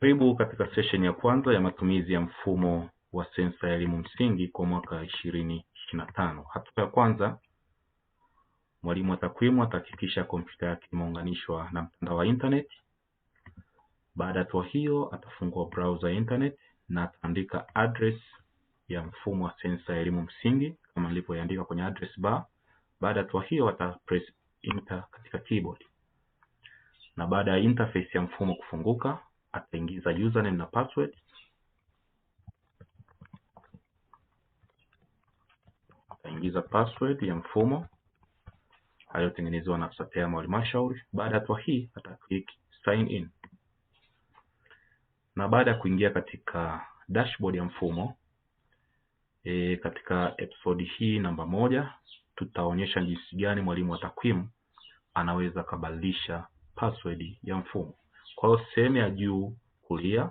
Karibu katika sesheni ya kwanza ya matumizi ya mfumo wa sensa ya elimu msingi kwa mwaka ishirini ishirini na tano. Hatua ya kwanza, mwalimu wa takwimu atahakikisha kompyuta yake imeunganishwa na mtandao wa internet. Baada ya hatua hiyo, atafungua browser internet na ataandika address ya mfumo wa sensa ya elimu msingi kama ilivyoandika kwenye address bar. Baada ya hatua hiyo, press enter katika keyboard, na baada ya interface ya mfumo kufunguka ataingiza username na password ataingiza password ya mfumo aliyotengenezewa na afisa tehama wa halmashauri. Baada ya hatua hii ata click sign in, na baada ya kuingia katika dashboard ya mfumo e, katika episode hii namba moja tutaonyesha jinsi gani mwalimu wa takwimu anaweza akabadilisha password ya mfumo. Kwa hiyo sehemu ya juu kulia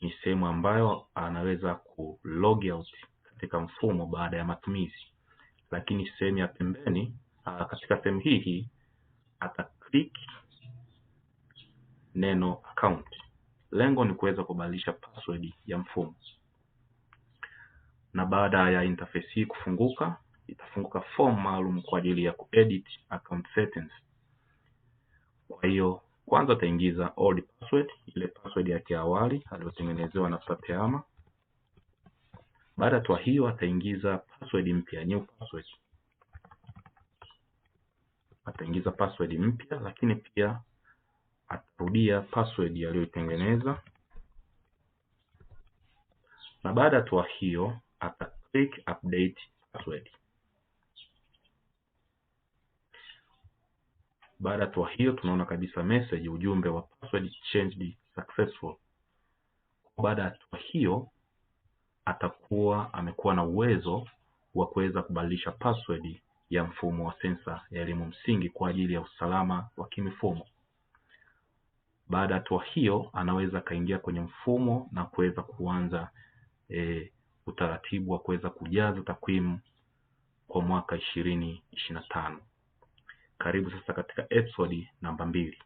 ni sehemu ambayo anaweza ku log out katika mfumo baada ya matumizi, lakini sehemu ya pembeni, katika sehemu hii hii ata click neno account. Lengo ni kuweza kubadilisha password ya mfumo, na baada ya interface hii kufunguka, itafunguka form maalum kwa ajili ya ku account settings. Kwa hiyo kwanza ataingiza old password, ile password yake ya awali aliyotengenezewa na Sapeama. Baada tu hiyo ataingiza password mpya, new password. Ataingiza password mpya, lakini pia atarudia password aliyoitengeneza, na baada tu hiyo ata click update password. Baada ya hatua hiyo, tunaona kabisa message ujumbe wa password changed successful. Baada ya hatua hiyo, atakuwa amekuwa na uwezo wa kuweza kubadilisha password ya mfumo wa sensa ya elimu msingi kwa ajili ya usalama wa kimifumo. Baada ya hatua hiyo, anaweza akaingia kwenye mfumo na kuweza kuanza e, utaratibu wa kuweza kujaza takwimu kwa mwaka ishirini ishirini na tano. Karibu sasa katika episodi namba mbili.